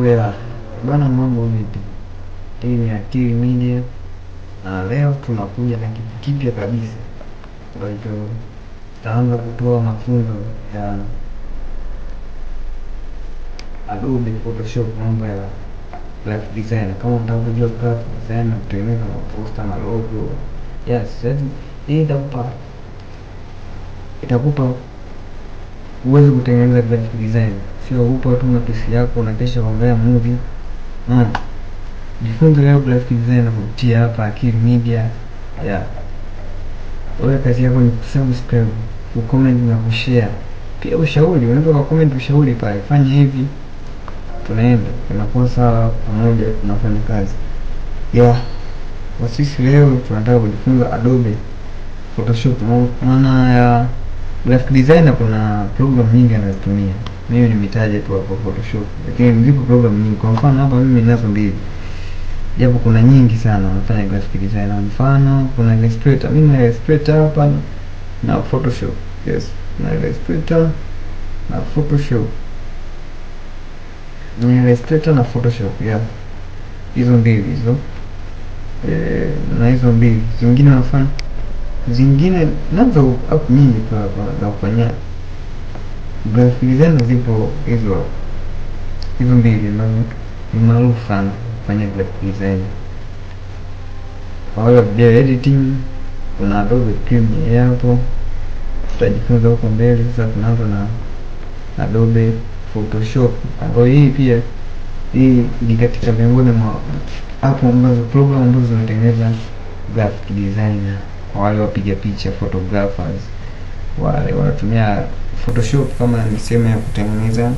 kulala bwana, mambo vipi? Hii ni Akili Media na leo tunakuja na kitu kipya kabisa ambacho tutaanza kutoa mafunzo ya Adobe Photoshop, mambo ya graphic design. Kama mtakujua graphic design na kutengeneza maposta na logo, yes, hii itakupa itakupa uwezo kutengeneza graphic design sio upo tu na pesi yako na kesho kuangalia movie. Unaona? Jifunze leo graphic design na kutia hapa Akili Media. Yeah. Wewe kazi yako ni kusubscribe, kucomment na kushare. Pia ushauri, unaweza kwa comment ushauri pale. Fanya hivi. Tunaenda, tunakuwa sawa pamoja, tunafanya kazi. Yeah. Kwa sisi leo tunataka kujifunza Adobe Photoshop maana ya graphic designer kuna program nyingi anazitumia, mimi nimetaja tu hapo Photoshop, lakini zipo program nyingi. Kwa mfano hapa mimi ninazo mbili, japo kuna nyingi sana wanafanya graphic designer. Mfano kuna Illustrator, mimi na Illustrator hapa na Photoshop. Yes, na Illustrator na Photoshop, ni Illustrator na Photoshop, yeah, hizo mbili hizo eh, na hizo mbili zingine wanafanya zingine nazo hapo nyingi tu hapa za kufanyia grafiki zenu zipo hizo hizo mbili na ni maarufu sana kufanya graphic design. Kwa hiyo video editing kuna Adobe Premiere hapo, tutajifunza huko mbele. Sasa tunaanza na Adobe Photoshop, ambayo hii pia hii ni katika miongoni mwa hapo ambazo program ambazo zinatengeneza graphic designer wale wapiga picha photographers wale wanatumia Photoshop kama ni sehemu ya kutengeneza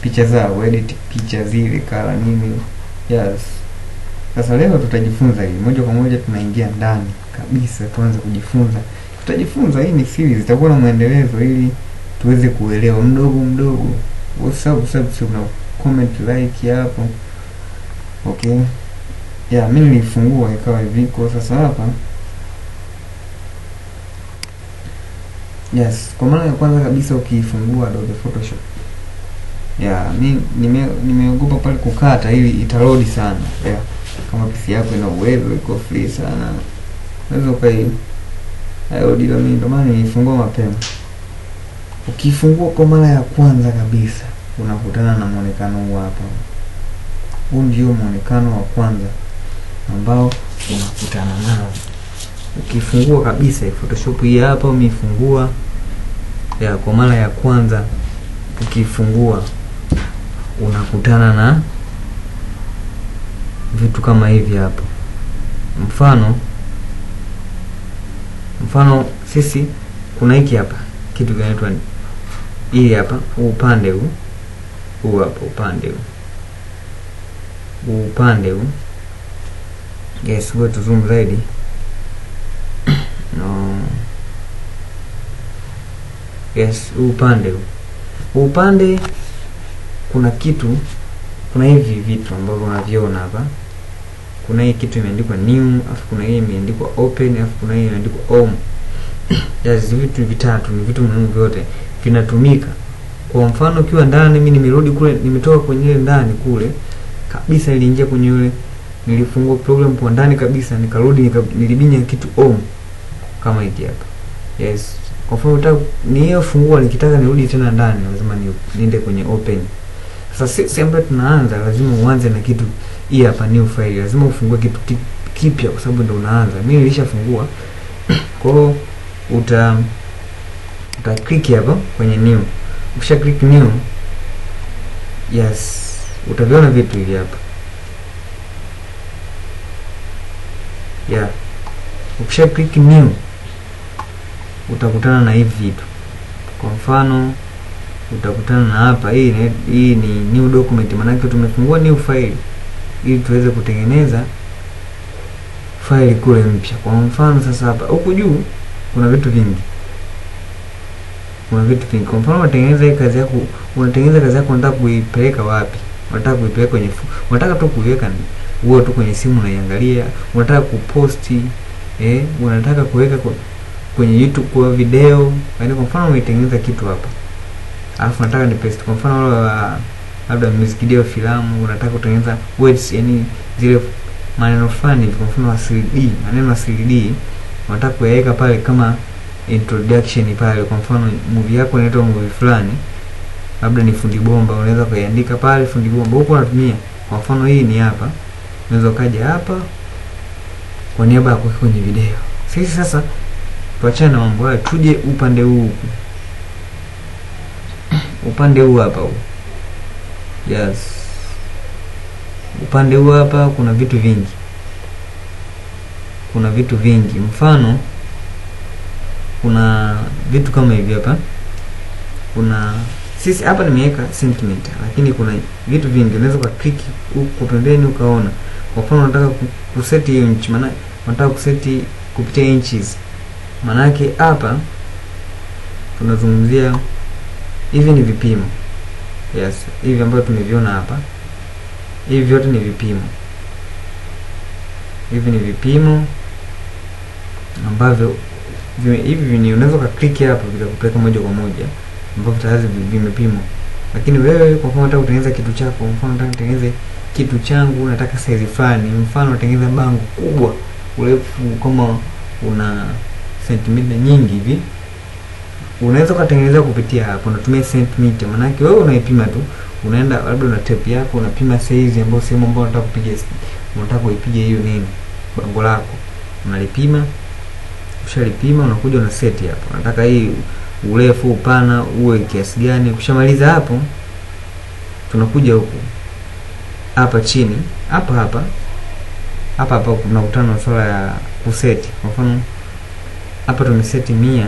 picha zao, edit picha zile kala nini. Yes, sasa leo tutajifunza hii moja kwa moja, tunaingia ndani kabisa, tuanze kujifunza. Tutajifunza hii ni series, itakuwa na mwendelezo ili tuweze kuelewa mdogo mdogo. WhatsApp, subscribe na comment, like hapo. Okay, ya yeah, mimi nilifungua ikawa hivi, kwa sasa hapa Yes, kwa mara ya kwanza kabisa ukiifungua Adobe Photoshop. Yeah, mi nime nimeogopa pale kukata ili itarodi sana. Yeah. Kama PC yako ina uwezo iko free sana. Unaweza ukai hayo ndio mimi ndo maana nilifungua mapema. Ukifungua kwa mara ya kwanza kabisa unakutana na muonekano huu hapa. Huu ndio muonekano wa kwanza ambao unakutana nao ukifungua kabisa Photoshop hii hapa umeifungua ya kwa mara ya kwanza ukifungua unakutana na vitu kama hivi hapo. Mfano mfano sisi kuna hiki hapa kitu kinaitwa hii hapa upande huu huu hapa upande huu upande huu yes, wetu zoom zaidi Yes, upande Upande kuna kitu, kuna hivi vitu ambavyo unaviona hapa. Kuna hii kitu imeandikwa new, afu kuna hii imeandikwa open, afu kuna hii imeandikwa home. Yes, vitu vitatu ni vitu muhimu, vyote vinatumika. Kwa mfano ukiwa ndani, mimi nimerudi kule, nimetoka kwenye ile ndani kule kabisa, niliingia kwenye ile, nilifungua program kwa ndani kabisa, nikarudi nilibinya kitu home kama hiki hapa. Yes. Kwa mfano nataka ni nikitaka nirudi tena ndani, lazima niende kwenye open. Sasa si ambayo tunaanza lazima uanze na kitu hii hapa new file. Lazima ufungue kitu kipya kwa sababu ndio unaanza. Mimi nilishafungua. Kwa hiyo uta uta click hapo kwenye new. Ukisha click new, yes, utaviona vitu hivi hapa. Yeah. Ukisha click new utakutana na hivi vitu. Kwa mfano utakutana na hapa, hii ni, hii ni new document, maanake tumefungua new file ili tuweze kutengeneza file kule mpya. Kwa mfano sasa, hapa huku juu kuna vitu vingi, kuna vitu vingi. Kwa mfano unatengeneza hii kazi yako, unatengeneza kazi yako, unataka kuipeleka wapi? Unataka kuipeleka kwenye, unataka tu kuiweka wewe tu kwenye simu unaiangalia, unataka kuposti eh, unataka kuweka kwenye YouTube kwa video. Yaani kwa mfano umetengeneza kitu hapa. Alafu nataka ni paste. Kwa mfano wale wa labda music video, filamu, unataka kutengeneza words, yani zile maneno fulani kwa mfano wa 3D, maneno ya 3D unataka kuyaweka pale kama introduction pale. Kwa mfano movie yako inaitwa movie fulani, labda ni fundi bomba, unaweza kuiandika pale fundi bomba. Huko unatumia kwa mfano hii ni hapa, unaweza kaja hapa kwa niaba ya kuweka kwenye video. Sisi sasa tuachane na mambo hayo, tuje upande huu huku, upande huu hapa huu. Yes, upande huu hapa kuna vitu vingi, kuna vitu vingi. Mfano, kuna vitu kama hivi hapa, kuna sisi hapa nimeweka sentiment, lakini kuna vitu vingi. Unaweza kwa click huko pembeni ukaona, kwa mfano unataka kuseti inch nchi, maana unataka kuseti kupitia inches Manake hapa tunazungumzia hivi ni vipimo. Yes, hivi ambavyo tumeviona hapa, hivi vyote ni vipimo. Hivi ni vipimo ambavyo hivi ni unaweza ukakliki hapa vikakupeleka moja kwa moja ambavyo tayari vimepimwa. Lakini wewe kwa mfano unataka kutengeneza kitu chako, mfano nataka kutengeneza kitu changu, nataka size fulani, mfano tengeneza bango kubwa urefu kama una sentimita nyingi hivi, unaweza ukatengeneza kupitia hapo. Unatumia sentimita, maanake wewe unaipima tu, unaenda labda una tape yako unapima size ambayo sehemu ambayo unataka kupiga, unataka kuipiga hiyo nini, bango lako unalipima. ushalipima unakuja una set hapo, unataka hii urefu, upana uwe kiasi gani. Ukishamaliza hapo, tunakuja huku hapa chini, hapa hapa hapa hapa, kuna tunakutana na swala ya kuseti kwa mfano hapa tumeseti 100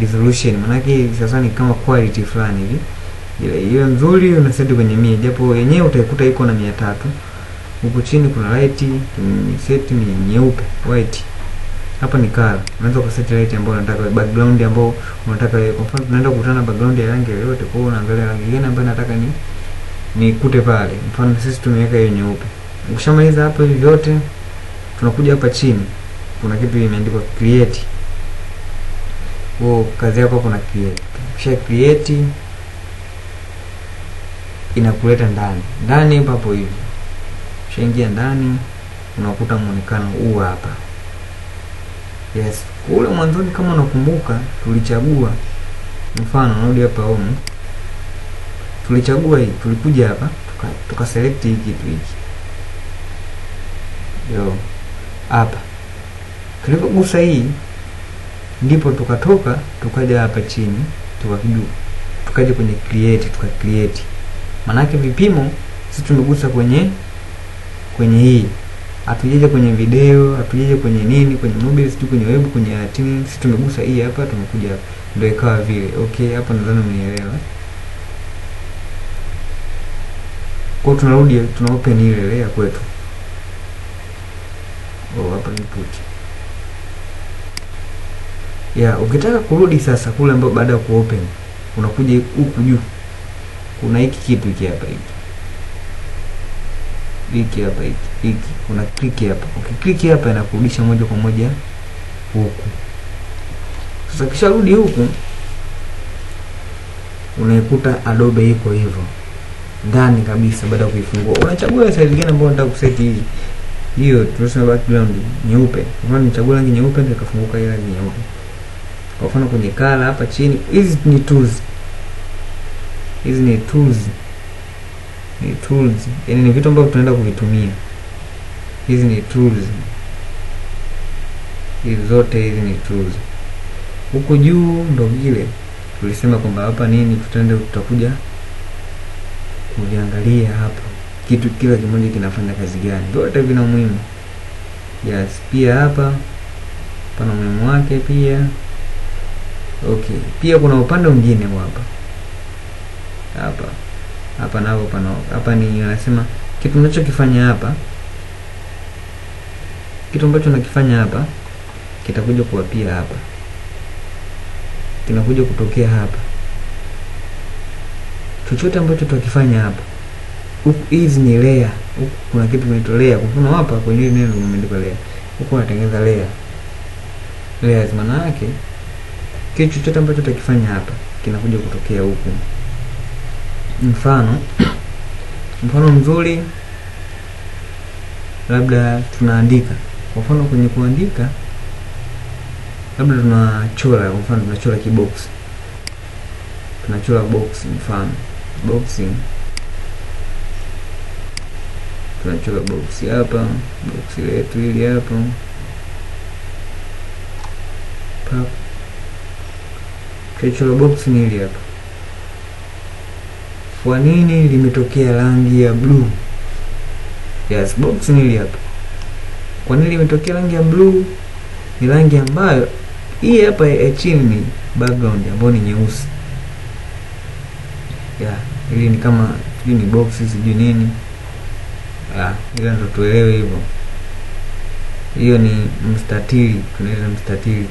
resolution, manake sasa ni kama quality fulani hivi ile nzuri unaseti kwenye 100, japo yenyewe utaikuta iko na 300. Huku chini kuna light tumeseti ni nyeupe white. Hapa ni color, unaweza kuseti light ambayo unataka, background ambayo unataka. Kwa mfano tunaenda kukutana background ya rangi yoyote, kwa hiyo unaangalia rangi gani ambayo nataka ni nikute pale. Mfano sisi tumeweka hiyo nyeupe. Ukishamaliza hapo hivi vyote, tunakuja hapa chini, kuna kitu imeandikwa create wewe kazi yako hapo na create. Kisha create inakuleta ndani. Ndani hapo hivi. Ushaingia ndani unakuta muonekano huu hapa. Yes, kule mwanzoni kama unakumbuka tulichagua mfano unarudi hapa home. Tulichagua hii, tulikuja hapa tuka, tuka select hii kitu hiki. Yo. Hapa. Tulipogusa hii ndipo tukatoka tukaja hapa chini tukakuja tukaje kwenye create tuka create. Maanake vipimo sisi tumegusa kwenye kwenye hii, hatujaje kwenye video, hatujaje kwenye nini, kwenye mobile, sisi kwenye web, kwenye team, sisi tumegusa hii hapa, tumekuja hapa ndio ikawa vile. Okay, hapa nadhani umeelewa Kwa tunarudi tuna open ile layer kwetu. Oh, hapa ni puti ya ukitaka kurudi sasa kule ambapo baada ya kuopen unakuja huku juu, kuna hiki kitu hiki hapa hiki hiki hapa hiki hiki, kuna click hapa. Ukiklik hapa inakurudisha moja kwa moja huku. Sasa kisha rudi huku, unaikuta Adobe iko hivyo ndani kabisa. Baada ya kuifungua, unachagua size gani ambayo unataka kuseti hii hiyo tunasema background nyeupe. Kama nichagua rangi nyeupe, ndio ikafunguka ile rangi nyeupe. Kwa mfano kwenye kala hapa chini, hizi ni tools, hizi ni tools, ni tools, yani ni vitu ambavyo tunaenda kuvitumia. Hizi ni tools, hizi zote hizi ni tools. Huku juu ndo vile tulisema kwamba hapa nini, tutaenda tutakuja kuviangalia hapa, kitu kila kimoja kinafanya kazi gani, vyote vina umuhimu. Yes, pia hapa pana umuhimu wake pia. Okay, pia kuna upande mwingine hapa hapa hapa nao pana hapa ni anasema kitu ninachokifanya hapa, kitu ambacho nakifanya hapa kitakuja kuwa pia hapa, kinakuja kutokea hapa. Chochote ambacho tutakifanya hapa, huku hizi ni layer, huku kuna kitu kinatolea layer. Kwa mfano hapa kwenye neno limeandikwa layer, huku natengeneza layer, layers maana yake kitu chochote ambacho utakifanya hapa kinakuja kutokea huku. Mfano, mfano mzuri labda tunaandika, kwa mfano kwenye kuandika labda tunachora, kwa mfano tunachora kibox, tunachora box, mfano boxing tunachora boksi hapa, boksi letu hili hapa pap Kilichoro box ni hili hapa. Kwa nini limetokea rangi ya blue? Yes, box ni hili hapa. Kwa nini limetokea rangi ya blue? Ni rangi ambayo hii hapa ya chini ni background ambayo ni nyeusi. Yeah, hili ni kama hii ni box sijui nini. Ah, ila ndo tuelewe hivyo. Hiyo ni mstatili, tunaita mstatili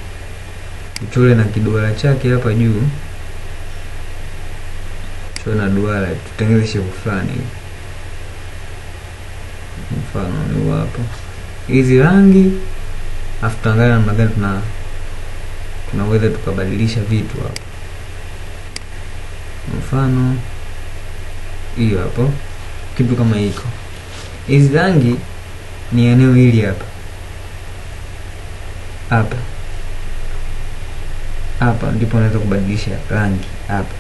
tuchore na kiduara chake hapa juu, tuchore na duara, tutengeze shape fulani Mfano ni hapo, hizi rangi afu tuangalia namna gani tuna tunaweza tukabadilisha vitu hapo. Mfano hiyo hapo, kitu kama hiko. Hizi rangi ni eneo hili hapa hapa hapa ndipo naweza kubadilisha rangi hapa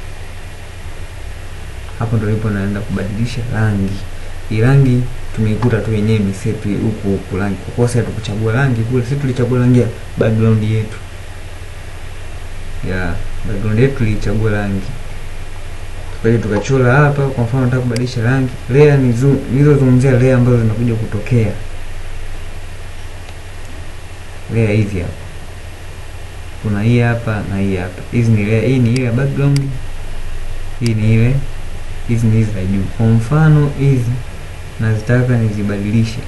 hapo ndio ndipo naenda kubadilisha rangi hii rangi tumeikuta tu yenyewe miseti huku huku rangi kwa kosa tukuchagua rangi kule sisi tulichagua rangi ya background yetu ya background yetu tulichagua rangi kwa tukachora hapa kwa mfano nataka kubadilisha rangi layer ni zoom hizo zungumzia layer ambazo zinakuja kutokea layer hizi hapa kuna hii hapa na hii hapa. Hizi ni ile, hii ni ile background, hii ni ile, hizi ni hizi za juu. Kwa mfano hizi nazitaka nizibadilishe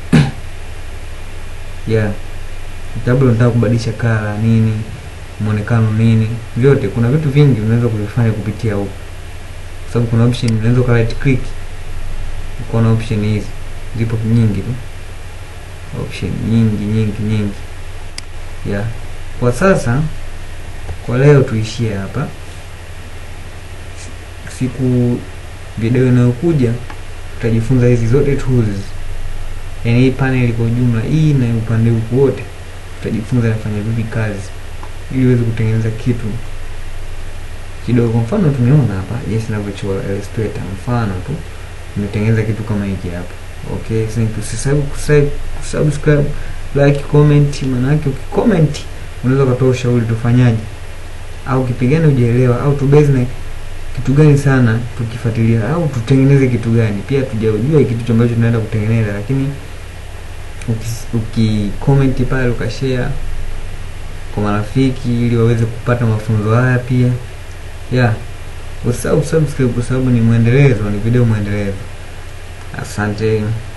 yeah, labda nataka kubadilisha kala nini, mwonekano nini, vyote. Kuna vitu vingi unaweza kuvifanya kupitia huko, kwa sababu kuna option unaweza ka right click, kuna option hizi zipo nyingi tu, option nyingi nyingi nyingi, yeah. Kwa sasa kwa leo tuishie hapa. Siku video inayokuja tutajifunza hizi zote tools, yani hii panel kwa ujumla, hii na upande huku wote tutajifunza nafanya vipi kazi, ili uweze kutengeneza kitu kidogo. Kwa mfano tumeona hapa jinsi ninavyochora Illustrator, mfano tu nimetengeneza kitu kama hiki hapa. Okay, thank sasa tusisahau kusubscribe, like, comment, maana yake ukicomment unaweza kutoa ushauri tufanyaje au ukipigana hujaelewa au tubezi na kitu gani sana tukifuatilia au tutengeneze kitu gani, pia tujajua kitu ambacho tunaenda kutengeneza, lakini ukicomment uki pale ukashare kwa marafiki ili waweze kupata mafunzo haya pia yeah. Usisahau subscribe kwa sababu ni mwendelezo, ni video mwendelezo. Asante.